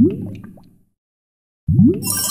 you